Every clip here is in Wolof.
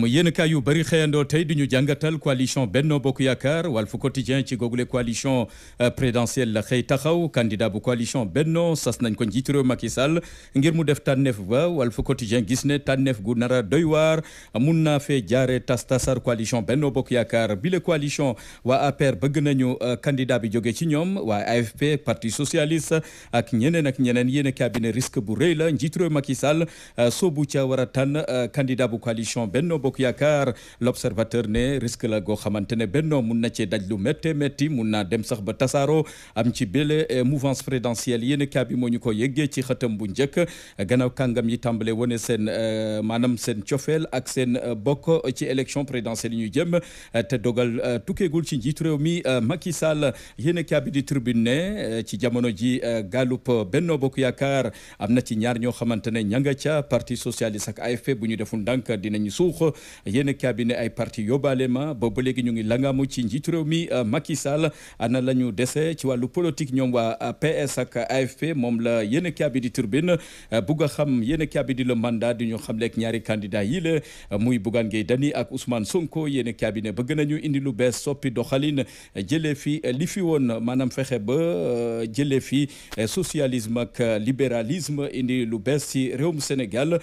mu yéen yu bëri xëyandoo tey du ñu jàngatal coalition Benno Bokk Yaakaar Walf Quotidien ci googule coalition euh, présidentielle la xëy taxaw candidat bu coalition Benno sas nañ ko njiitu réew Macky Sall ngir mu def tànneef ba Walf Quotidien gis ne tànneef gu nara doy waar mun naa fee jaare tas tasar coalition Benno Bokk Yaakaar bile coalition waa APR bëgg nañu euh, candidat bi jóge ci ñoom waa AFP parti socialiste ak ñeneen ak ñeneen yéen kaay bi ne risque bu rëy la njiitu réew Macky Sall euh, soobu ca war a tànn candidat bu coalition Benno Bokk Yaakaar l'observateur ne risque la goo xamante ne Benno mun na cee daj lu métti métti mun naa dem sax ba tasaaro am ci bélé eh, mouvance présidentielle yéen kaa bi moo ñu ko yëggee ci xëtam bu njëkk gannaaw kàngam yi tàmbale wane seen eh, maanaam seen cofeel ak seen eh, bokk ci élection présidentielle yi ñu jëm te dogal tukkeegul ci njiitu réew mi Macky Sall yéen kaa di tribune ne ci jamono ji gaalup Benno Bokk Yaakaar am na ci ñaar ñoo xamante ne ñanga ca parti socialiste ak AFP bu ñu deful ndànk dinañu suux yéen cabinet ay parti yóbbaale ma ba ba léegi ñu ngi langaamu ci njiitu réew mi euh, Macky Sall ana la ñu dese ci wàllu politique ñoom waa euh, PS ak AFP moom la yéen cabinet turbine euh, bugg a xam yéen cabinet le mandat di ñu xam leeg ñaari candidat yi la muy Bougane Gueye Dany ak Ousmane Sonko yéen cabinet bëgg nañu indi lu bees soppi doxalin jëlee fi li fi woon maanaam fexe ba jëlee fi socialisme ak libéralisme indi lu bees ci mu Sénégal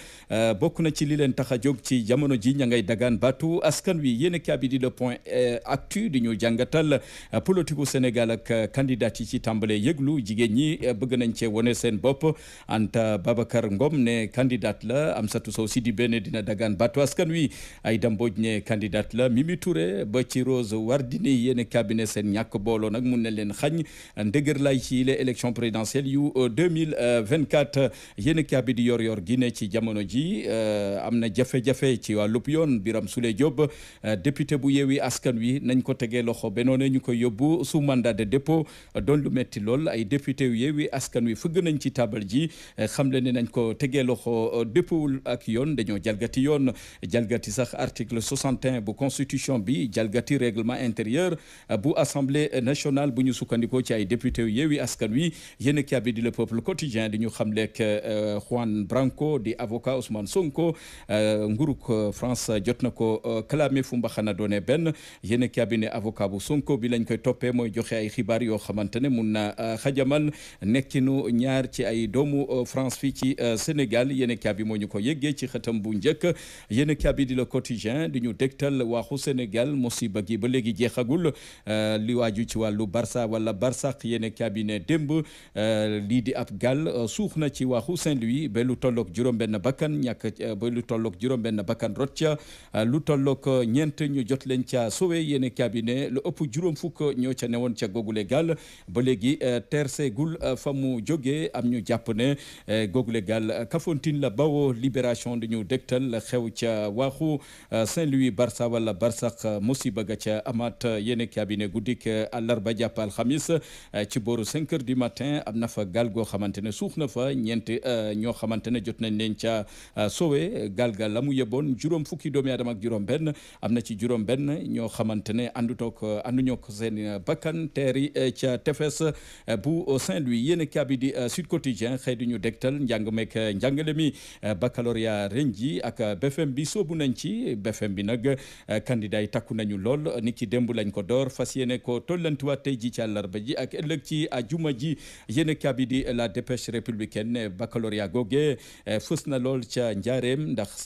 bokk na ci li leen tax ci jamono ji ña ngay dagaan baatu askan wi yéen kaabi di le point eh, actu di ñu jàngatal eh, politiku Sénégal ak eh, candidat yi ci tambale yëglu jigéen ñi bëgg nañ cee wone seen bopp Anta Babacar Ngom ne candidat la am Amsatou Sow Sidibé ne dina dagaan baatu askan wi Aïda Mbodj ne candidat la Mimi Touré ba ci Rose Wardini yéen kaabi ne seen ñakk booloo nag mun na leen xañ ndëgër lay ci les élections présidentielles yu 2024 yéen kaabi di yor yor gi ne ci jamono ji am na jafe-jafe ci wàllu yoon Birame Souleye euh, job député bu yeewi askan wi nañ ko tegee loxo benoone ñu koy yóbbu su mandat de dépôt doon lu metti lool ay député yu yeewi askan wi fëgg nañ ci tabal ji euh, xam le ne nañ ko tegee loxo euh, dépowul ak yoon dañoo jalgati yoon jalgati sax article 61 bu constitution bi jalgati règlement intérieur bu assemblée nationale bu ñu sukkandikoo ci ay député yu yeewi askan wi yéen ki bi di le peuple quotidien di ñu xamleek Juan Branco di avocat Ousmane Sonko nguuruk France Fass eh, jot na ko clamé eh, fu mbaxana doone benn yéen cabinet avocat bu Sonko bi lañ koy toppee mooy joxe ay xibaar yoo xamante ne mun na eh, xajamal nekkinu ñaar ci ay doomu France fii ci Sénégal yéen cabinet moo ñu ko yëggee ci xëtam bu njëkk yéen cabinet di Le Quotidien di ñu dégtal waaxu Sénégal musiba gi ba léegi jeexagul li waaju ci wàllu barsa wala Barsaq yéen cabinet démb lii di ab gaal suux na ci waaxu Saint-Louis ba lu tolloog juróom bakkan rot ca lu tollook ñeent ñu jot leen ca sowe yéen cabinet lu ëpp juróom fukk ñoo ca newoon ca googule gaal ba léegi eh, tersegul eh, fa mu jógee am ñu jàpp ne eh, googule gaal Kafountine la bawoo libération di ñu la xew ca waaxu Saint-Louis Barça wala Barsax musiba ga ca amaat yéen cabinet guddik àllarba jàpp alxamis ci booru cinq heures du matin am na fa gaal goo xamante ne suux na fa ñeent ñoo xamante ne jot nañ leen ca sowe gaal ga la mu yeboon juróom fukk fukki doomi aadama juróom benn am na ci juróom benn ñoo xamante ne àndutook euh, ànduñook seen bakkan teeri euh, ca tefes euh, bu Saint-Louis yéen kaabi di Sud Quotidien xëy du ñu dégtal njàngale mi baccalauréat ren ji ak BFEM bi soobu nañ ci BFEM bi nag candidat yi takku nañu lool ni ki démb lañ ko door fas yéene ko tollantiwaat tey ji ci àllarba ji ak ëllëg ci a ajuma ji yéen kaabi di la dépêche républicaine baccalauréat googe fës na lool ca njaareem ndax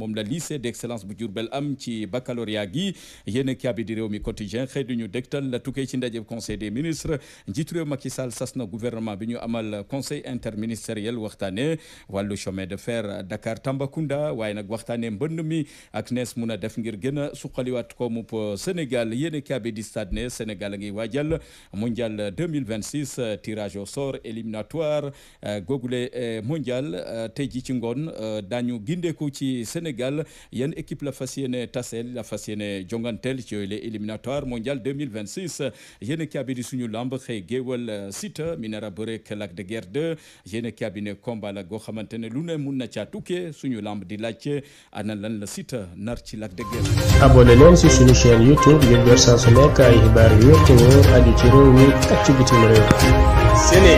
moom la lycée d'excellence bu Diourbel am ci baccalauréat gi yéen kaabi di réew mi quotidien xëy duñu dégtal la tukkee ci ndaje conseil des ministres njiitu réew Sall sas na gouvernement bi ñu amal conseil interministériel waxtaane wàllu chemin de fer Dakar Tambacounda waaye nag waxtaane mbënd mi ak nees mun a def ngir gën a mu koomub Sénégal yéen kaabi di stade ne Sénégal a ngi waajal mondial 2026 tirage au sort éliminatoire euh, googule euh, mondial euh, tey ji ci ngoon dañu gindeeku ci Sénégal yan équipe la fas yéene taseel la fas yéene jonganteel ci yooyu les éliminatoires mondial 2026 yéen kaabi di suñu lamb xëy géewal euh, site mi nar a bërek Lac de Guiers 2 yéen kaabi ne combat goo xamante ne lu ne mun na caa tukkee suñu lamb di laajte ana lan la site nar ci Lac de Guiers. abonné si suñu chaîne YouTube ngir jot saa su ay xibaar yu wér te wóor aju ci réew mi ak ci bitim réew.